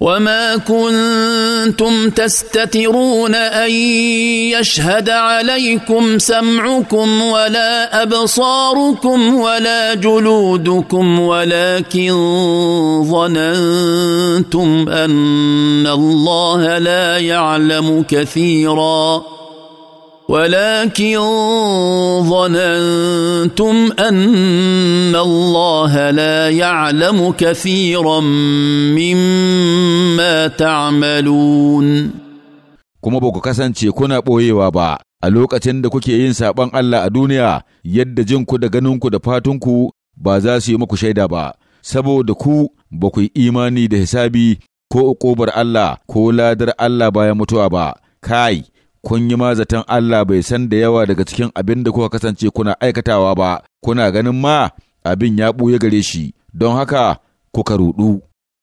وما كنتم تستترون ان يشهد عليكم سمعكم ولا ابصاركم ولا جلودكم ولكن ظننتم ان الله لا يعلم كثيرا ولكن ظننتم ان الله لا يعلم كثيرا مما تعملون kuma ba ku kasance kuna ɓoyewa ba a lokacin da kuke yin saɓon Allah a duniya yadda jinku da ganinku da fatunku ba za su yi muku shaida ba saboda ku ba ku yi imani da hisabi ko uƙobar Allah ko ladar Allah bayan mutuwa ba kai kun yi mazatan Allah bai san da yawa daga cikin abin da kuka kasance kuna aikatawa ba kuna ganin ma abin ya ɓuya gare shi don haka kuka ruɗu.